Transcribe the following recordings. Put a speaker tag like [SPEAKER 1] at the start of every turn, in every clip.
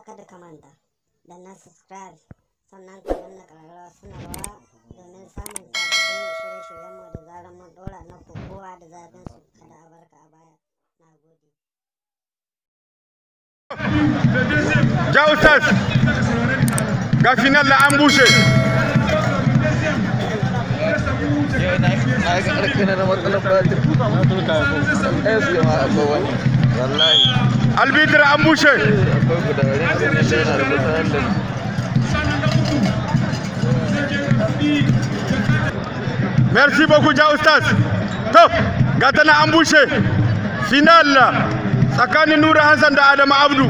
[SPEAKER 1] ka kada ka da na subscribe sannan ka danna ƙararrawa sanarwa domin samun sababbin shirye-shiryenmu da zarar mun dora na kowa da zafin su kada a a baya na gode ja ga final da an bushe na ga ƙarfi na matsalar ba ta tuka wani wallahi albitir ambushe. merci beaucoup ja ustaz to gata ambushe. an final tsakanin nura hassan da adamu abdu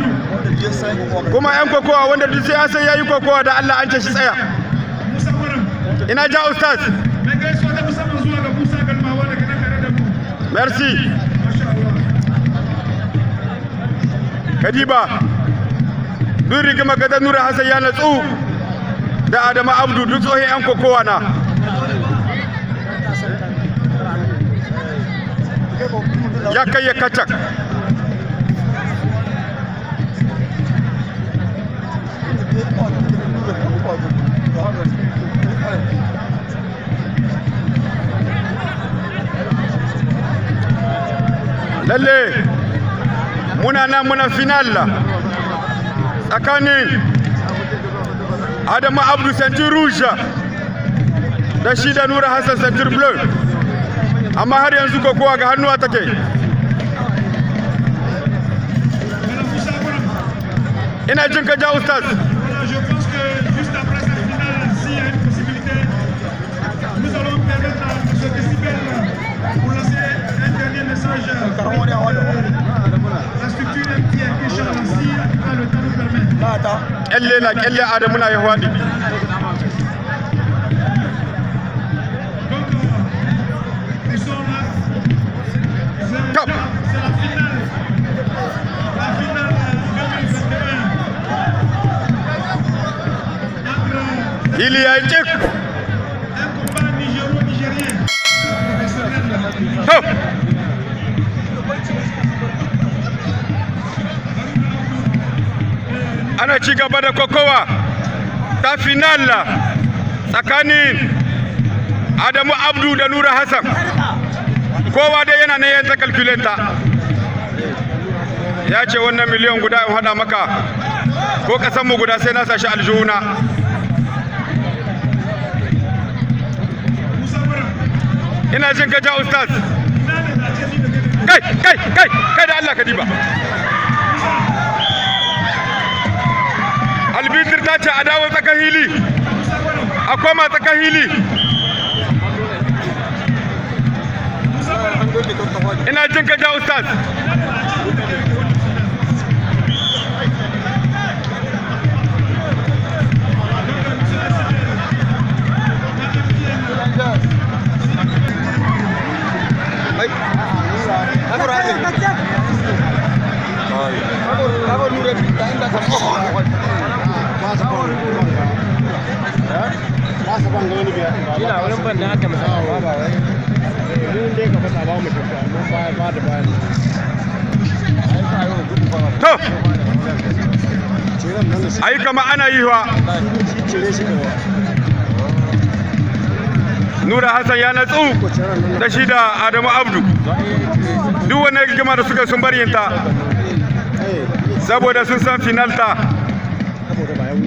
[SPEAKER 1] kuma yan kokowa wanda duk sai hassan ya yi kokowa da allah an ce shi tsaya ina ja ustaz merci kadiba duri kama gada nura hassan ya natsu da adama abdu duk tsohon yan kokowa na ya kai ya kacak lalle muna nan muna final tsakanin Adamu Abdu Santir Rouge da shi Nura Hassan Santir Bleu amma har yanzu kowa ga hannuwa take ina jin ka ja ustaz kyalle na adamu na ya faɗi ya yi cik ana ci gaba da kokowa ta final tsakanin Adamu Abdu da Nura Hassan kowa dai yana ne yanzu kalkulenta ya ce wannan miliyan guda in hada maka ko mu guda sai na sashi aljihuna ina jin gaja ustaz kai kai kai kai da Allah ka diba hili, akwama ataka hili. Ina jinka ja ustaz kila wurin ban da ba wai mun dai ka fasa ba mu mun ba ba da to ai kama ana yi wa Nura Hassan ya natsu da shi da Adamu Abdu duk wannan rigima da suka sun baryinta eh. saboda sun san finalta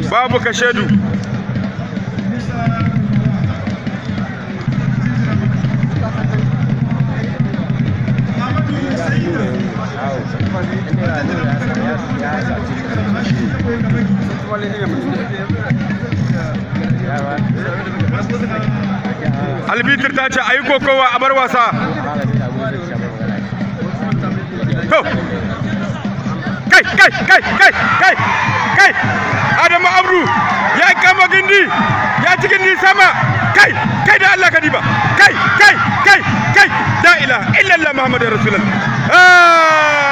[SPEAKER 1] babu kashedu ya albitir ta ce a kokowa a bar wasa kai kai kai kai kai kai adamu abru ya kama gindi ya ci gindi sama kai kai da allah kadiba kai kai kai kai da ila illallah muhammadu rasulullah ah!